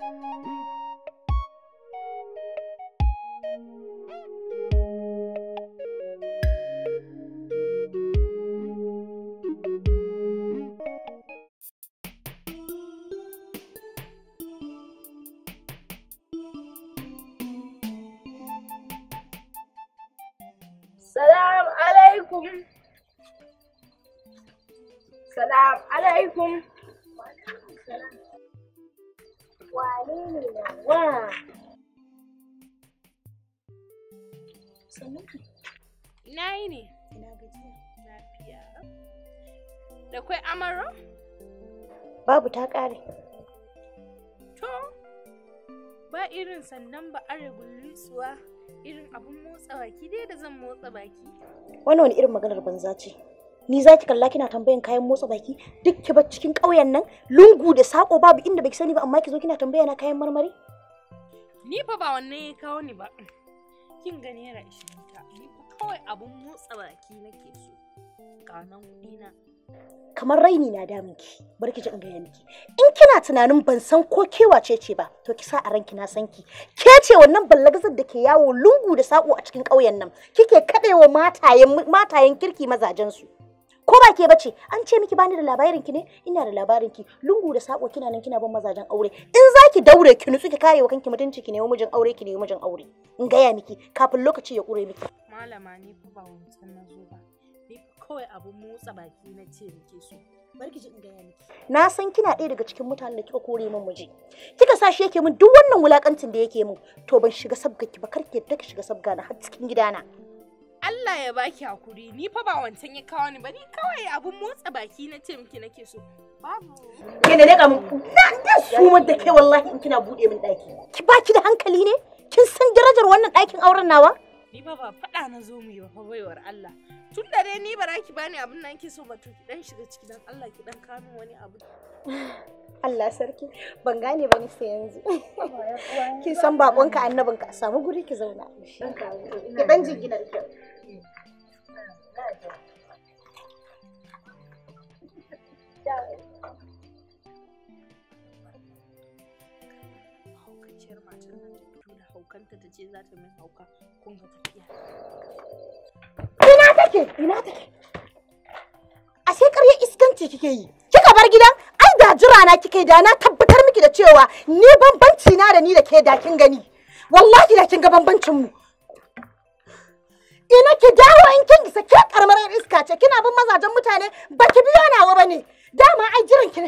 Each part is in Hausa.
Thank you. ina yi ne ina gajiya da kwai amaro babu ta kare to ba irin sannan ba are gullisuwa irin abin motsa baki dai da zan motsa baki Wani wani irin maganar banza ce ni za ki kalla kina tambayan kayan motsa baki duk ki bar cikin ƙauyen nan lungu da sako babu inda baki sani ba amma ki zo kina tambaya na kayan marmari ni fa ba wannan ya kawo ni ba kin ga naira 20 ta ni fa kawai abun motsa baki nake so ga nan kuɗi na kamar raini na damun ki bar ki ji in gaya miki in kina tunanin ban san ko ke wace ce ba to ki sa a ranki na san ki ke ce wannan ballagazar da ke yawo lungu da sako a cikin ƙauyen nan kike kadewa matayen matayen kirki mazajen su ko ba ke bace an ce miki bani da labarin ki ne ina da labarin ki lungu da sako kina nan kina bin mazajen aure in zaki daure ki nutsu ki kare wa kanki mutunci ki nemi mijin aure ki nemi mijin aure in gaya miki kafin lokaci ya kure miki malama ni fa ba wancan na zo ba ni kawai abu motsa baki na ce miki su barki ji in gaya miki na san kina ɗaya daga cikin mutanen da kika kore min miji kika sa shi yake min duk wannan wulakancin da yake min to ban shiga sabgar ki ba kar ki yadda ki shiga sabga na har cikin gidana Allah ya baki hakuri ni fa ba wancan ya kawo ni ba ni kawai abun motsa baki na ce miki nake so babu ke da mun na da su da kai wallahi in kina bude min daki ki baki da hankali ne kin san darajar wannan dakin auren nawa ni ba ba faɗa na zo mu yi ba baiwar Allah tun da dai ni ba ki bani abun nan ke so ba to ki dan shiga ciki dan Allah ki dan min wani abu Allah sarki ban gane ba ni sai yanzu kin san bakonka annabinka a samu guri ki zauna ki dan jingina da Haukaciyar matan nan haukanta ta ce za ta min hauka kun ga tafiya. Ina take, ina take. Ashe ƙarya iskanci kike yi. Kika bar gidan? Ai da jira na kike da na tabbatar miki da cewa ni bambanci na da ni da ke da kin gani. Wallahi da kin ga bambancin mu. ina ki dawo in kin isa ke karamar iska ce kina bin mazajen mutane ba baki biyo nawa bane dama ai jiran ki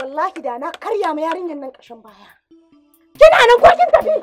wallahi da na karya ma yarinyar nan kashin baya kina nan ko kin tafi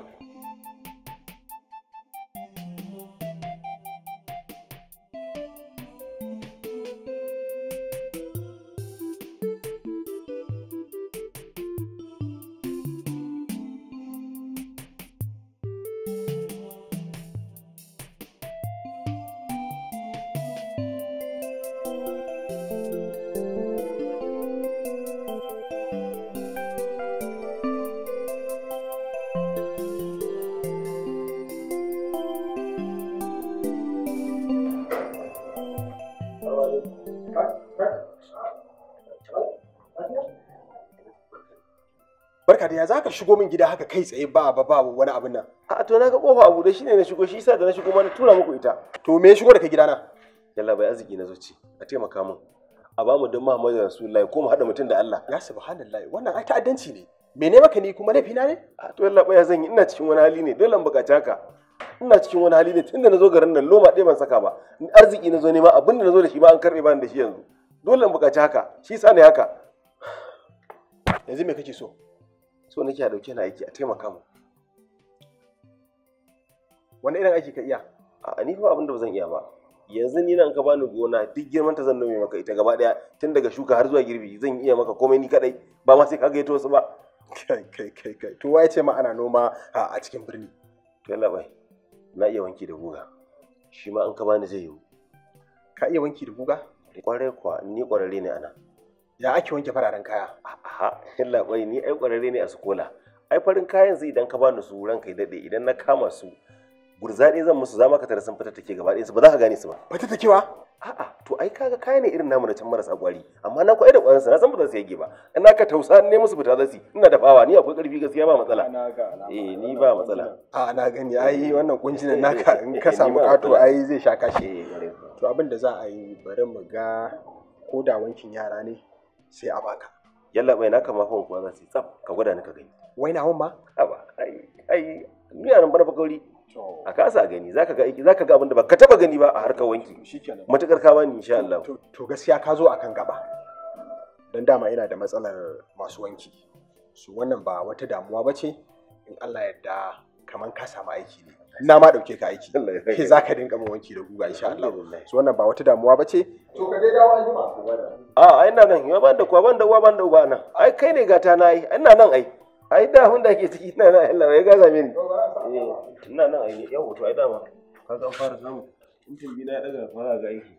da ya zaka shigo min gida haka kai tsaye ba ba ba wani abin nan a to na ga kofa abu da shine na shigo shi yasa da na shigo mana tura muku ita to me ya shigo da kai gidana yalla bai arziki na zuci a taimaka min a ba mu don Muhammadu Rasulullahi ko mu haɗa mutum da Allah ya subhanallahi wannan ai ta'addanci ne mene maka ni kuma na ne a to yalla bai zan yi ina cikin wani hali ne dole an bukaci haka ina cikin wani hali ne tunda na zo garin nan loma ɗaya ban saka ba arziki na zo nema abin da na zo da shi ba an ba bani da shi yanzu dole an bukaci haka shi sa ne haka yanzu me kake so so nake a dauke na aiki a taimaka mu wani irin aiki ka iya a ni fa abin da ba zan iya ba yanzu ni nan ka bani gona duk girman ta zan nome maka ita gaba daya tun daga shuka har zuwa girbi zan iya maka komai ni kadai ba ma sai ka gaito wasu ba kai kai kai kai to wai ce ma ana noma a cikin birni to yalla bai na iya wanki da guga shi ma an ka bani zai yi ka iya wanki da guga kwarai kwa ni kwararre ne ana Ya ake wanke fararen kaya? A'a, illa bai ni ai kwarare ne a sukola. Ai farin kayan zai idan ka bani su ranka daɗe idan na kama su gurzaɗe zan musu zama ka tare sun fita take gaba su ba za ka gane su ba. Fita wa A'a, to ai kaga kaya ne irin namu na can marasa gwari amma na kwaida da sa na san ba za su yage ba. Ina ka tausa ne musu fita za su ina da fawa ni akwai ƙarfi gaskiya ba matsala. Eh, ni ba matsala. A na gani ai wannan kunjin naka in ka samu kato ai zai sha kashi. Eh, to abin da za a yi bari mu ga ko da wankin yara ne sai a baka yalla bai naka ma fon kuwa za su tsaf ka gwada ni ka gani wai na ma aba ai ai ni nan bar bakauri a kasa gani zaka ga aiki zaka ga abin da ba ka taba gani ba a harkar wanki shikenan matakar ka bani insha Allah to gaskiya ka zo akan gaba dan dama ina da matsalar masu wanki su wannan ba wata damuwa bace in Allah yarda kaman ka samu aiki ne na ma dauke ka aiki ke za ka dinga min wanki da guga insha Allah so wannan ba wata damuwa ba ce to ka dai dawo an jima a ai ina nan ya ban da kuwa ban da uwa ban da uba nan. ai kai ne gata na ai ina nan ai ai da hun da ke ciki ina nan Allah ya gaza mini eh, ina nan ai yau to ai dama ka san fara samu mutum bi na daga fara ga aiki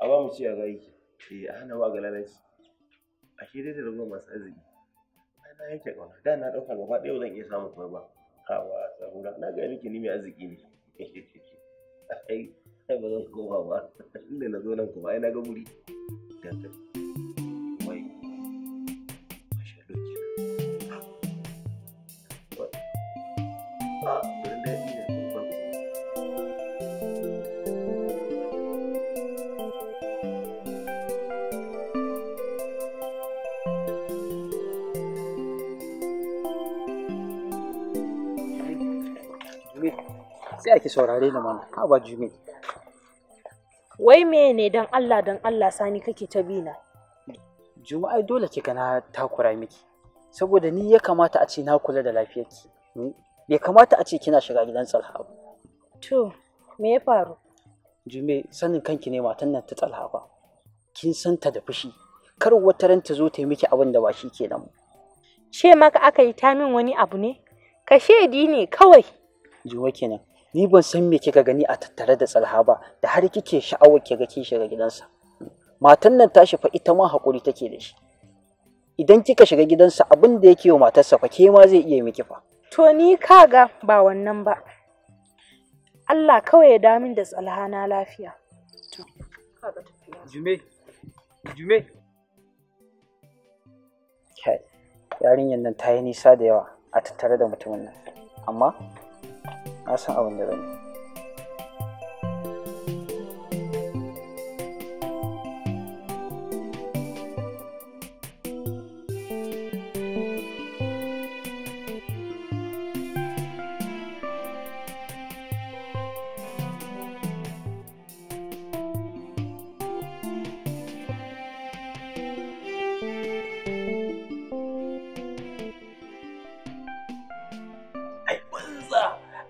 a ba mu ci a ga aiki eh a hana wa ga lalaci a shi dai da rubuwa masu arziki ai na yake kauna da na dauka gaba ɗaya zan iya samu kuma ba hawa sahura na ga miki ni mai arziki ne ai ba zan koma ba inda na zo nan kuma ai na ga guri Jumil, sai ake saurare ni mana, Wai me ne dan Allah dan Allah sani kake ta bi na? Juma'a dole kika na takura miki, saboda ni ya kamata a ce na kula da lafiyarki. ya kamata a ce kina shiga gidan Salha ba. To, me ya faru? Jume, sanin kanki ne matan nan ta Salha Kin san ta da fushi. Kar wata ran ta zo ta yi miki abin da ba shi kenan. Ce maka aka yi ta min wani abu ne? Ka shedi ne kawai. Juwa kenan. Ni ban san me kika gani a tattare da Tsalha ba, da har kike sha'awar ki ga kin shiga gidansa. Matan nan tashi fa ita ma hakuri take da shi. Idan kika shiga gidansa abin da yake wa matarsa fa ke ma zai iya miki fa. To ni kaga ba wannan ba. Allah kawai ya damin da Tsalha na lafiya. Jume, Jume. Kai, yarinyan nan ta yi nisa da yawa a tattare da mutumin nan. Amma a san abin da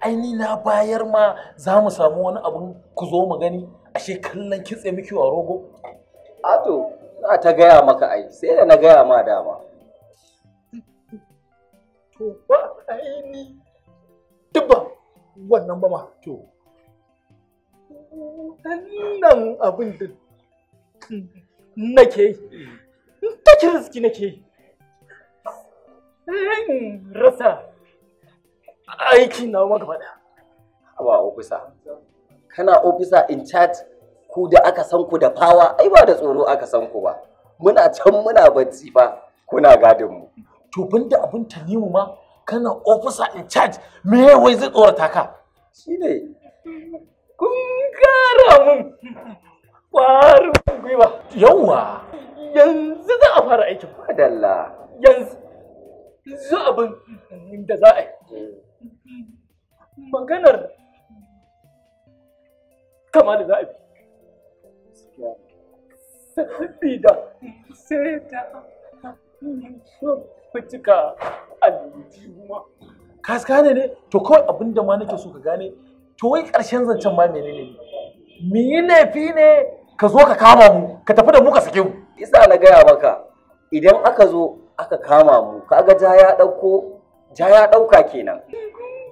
aini na bayar ma za mu samu wani abun ku zo mu gani ashe kallon kitse miki wa rogo ato na ta gaya maka ai sai da na gaya ma dama to ba aini duba wannan ba ma to wannan abin da nake yi nake yi rasa aiki na maka faɗa. Haba ofisa, kana ofisa in charge ku da aka san ku da fawa, ai ba da tsoro aka san ku ba. Muna can muna bacci fa kuna gadin mu. To da abin ta tanimu ma kana ofisa in charge me wai zai tsorata ka? Shi ne, kun kara mun ƙwarin gwiwa. Yawwa. Yanzu za a fara aikin. Madalla. Yanzu. Yanzu abin da za a yi. Mm. maganar kama da za'a a da sai ta fitika aljihuma ka gane ne to kawai abinda ma nake so ka gane to wai ƙarshen zancen ma menene ne me yi laifi ne ka zo ka kama mu ka tafi da mu ka sake mu isa na gaya maka idan aka zo aka kama mu kaga ja ya dauko ja ya ɗauka kenan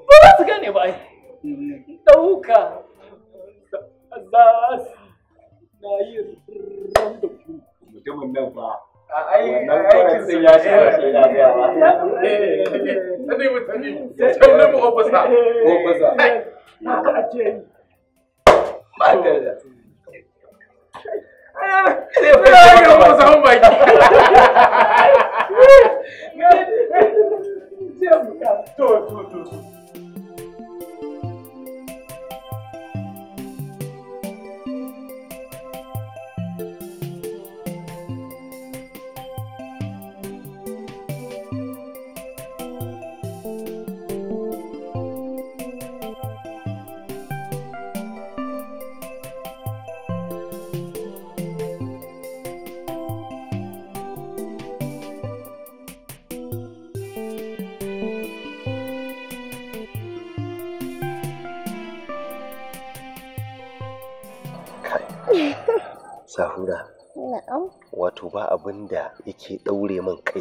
ba za su gane ba ɗauka za su na yi ran da ku mutumin nan ba aikin sai ya shi rashin lafiya ba ne mutane kyau na mu ofisa ofisa haka ake yi ba da ne fa ya ga mu samu baki to to to sahura na'am wato ba abin da yake daure min kai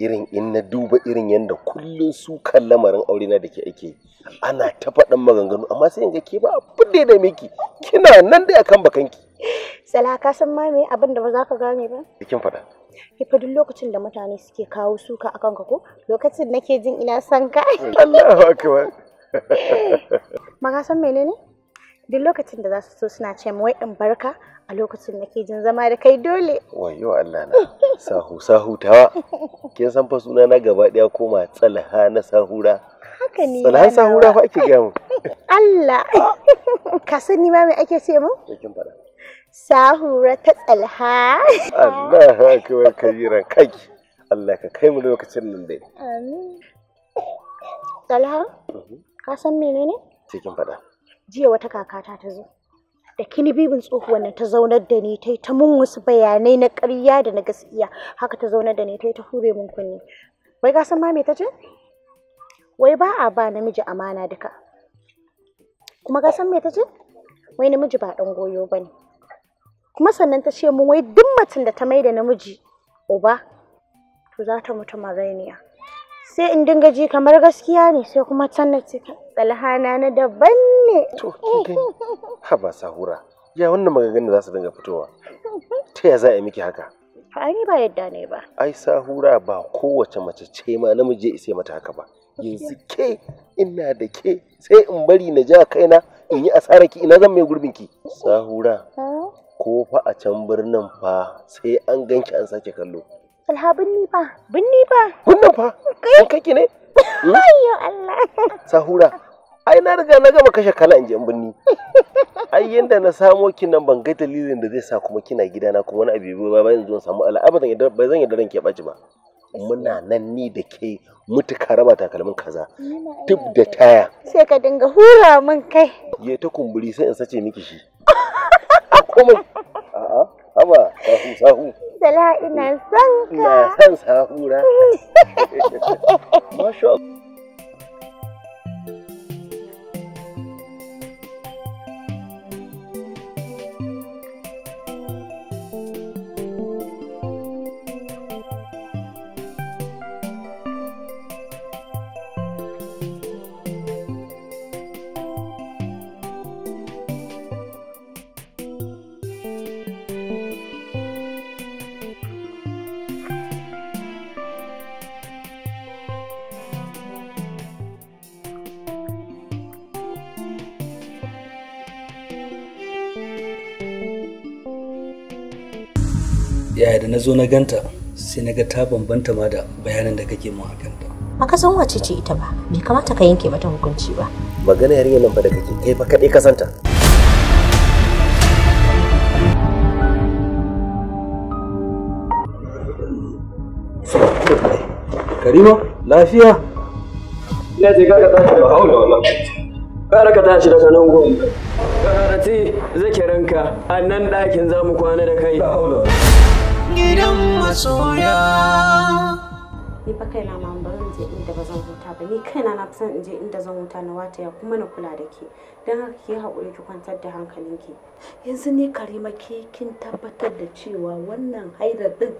irin in na duba irin yadda kullum su kan lamarin aure na da ke ake ana ta faɗin maganganu amma sai yanzu ke ba abin da ya miki kina nan da akan bakanki sala ka san ma me abin da ba za ka gane ba kin faɗa ki fa duk lokacin da mutane suke kawo suka akan ka ko lokacin nake jin ina son ka Allahu akbar ma san menene duk lokacin da za su so suna ce wai in barka a lokacin ke jin zama da kai dole wayo Allah na sahu sahu tawa kin san fa suna na gaba daya koma tsalha na sahura haka ne tsalha sahura fa ake ga mu Allah ka san ni ma me ake ce mu kin fada sahura ta tsalha Allah akbar kabiran kai Allah ka kai mu lokacin nan dai amin tsalha mhm. ka san menene cikin fada jiya wata kakata ta zo da kini bibin tsohuwan nan ta zaunar da ni ta yi ta mun wasu bayanai na ƙarya da na gaskiya haka ta zaunar da ni ta yi ta hure mun kunni wai ga san ma me ta ce wai ba a ba namiji amana duka kuma ga san me ta ce wai namiji ba dan goyo bane kuma sannan ta ce mun wai duk mutum da ta mai da namiji uba to za ta mutu magainiya sai in dinga ji kamar gaskiya ne sai kuma can na ce na daban ne to kin haba sahura ya wannan maganganun da za su dinga fitowa ta ya za a yi miki haka ai ni ba yadda ne ba ai sahura ba kowace mace ce ma namiji ya isa mata haka ba yanzu ke ina da ke sai in bari na ja kaina in yi asara ki ina zan mai gurbin ki sahura ko fa a can birnin fa sai an ganki an sake kallo alha binni ba binni ba wannan fa kai kake ne hmm? ayyo Allah sahura ai na riga na gama kashe kala in ji binni ai yanda na samo ki nan ban ga dalilin da zai sa kuma kina gidana kuma wani abu ba bayan zuwan samu ala abadan ba zan yadda ranki ya baci ba muna nan ni da ke mutuka raba takalmin kaza tub da taya sai ka dinga hura min kai ya ta kumburi sai in sace miki shi komai a'a haba sahu sahu sala ina son ka ina son sahura masha Allah yaya da na zo na ganta sai na ga ta bambanta ma da bayanan da kake mu akan ta maka san wace ce ita ba bai kamata ka yanke mata hukunci ba magana yarinya nan ba da kake kai fa kadai ka santa Karima, lafiya? Ina ga kaka tashi ba haula wannan. Kara ka tashi daga nan gwamnati. Karati zikirinka, a nan ɗakin za mu kwana da kai. haula gidan masoya ni fa kaina ma ba zan je inda ba zan huta ba ni kaina na san in je inda zan huta na wata ya kuma na kula da ke don haka ki haƙuri ki kwantar da hankalinki yanzu ni karima ke kin tabbatar da cewa wannan haidar din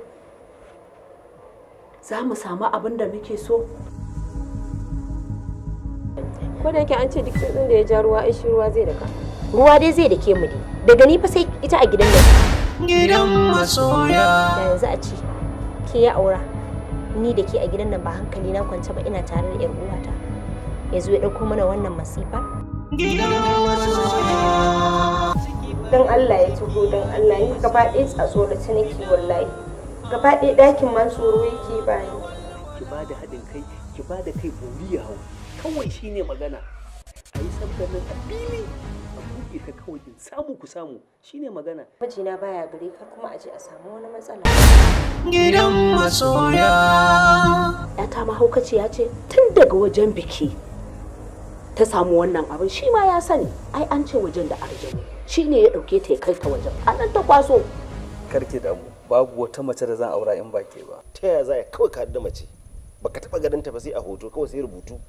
za mu samu abin da muke so ko da yake an ce duk tsirrin da ya ja ruwa ai shi ruwa zai ka ruwa dai zai dake mu dai daga ni fa sai ita a gidan da gidan masoya da yanzu a ce ke ya aura ni da ke a gidan nan ba hankali na kwance ba ina tare da yar uwata ya zo ya ɗauko mana wannan masifa gidan masoya don Allah ya tugo don Allah ni gaba ɗaya tsatso da ta nake wallahi gaba ɗaya ɗakin man tsoro yake bani ki ba da haɗin kai ki ba da kai bori ya hau kawai shine magana a yi sabgar nan a samu ku samu shine magana mijina baya gure kar kuma a je a samu wani matsala gidan masoya ta ma ya ce tun daga wajen biki ta samu wannan abin shi ma ya sani ai an ce wajen da arjani shine ya ɗauke ta ya kai ta wajen a nan ta kwaso karki damu babu wata mace da zan aura in ba ke ba ta yaya za ya kawai ka da mace baka taba ganin ta ba sai a hoto kawai sai rubutu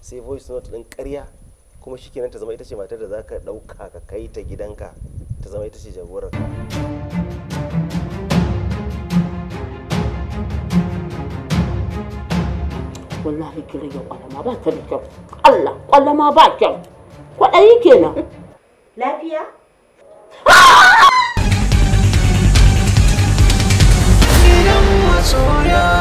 sai voice note din ƙarya kuma shikenan ta zama ita ce matar da zaka dauka ka kai ta gidanka ta zama ita ce jagorar ka wallahi kira rage kwalama ba ta da kyau Allah kwalama ba kyau kwaɗayi kenan lafiya yeah.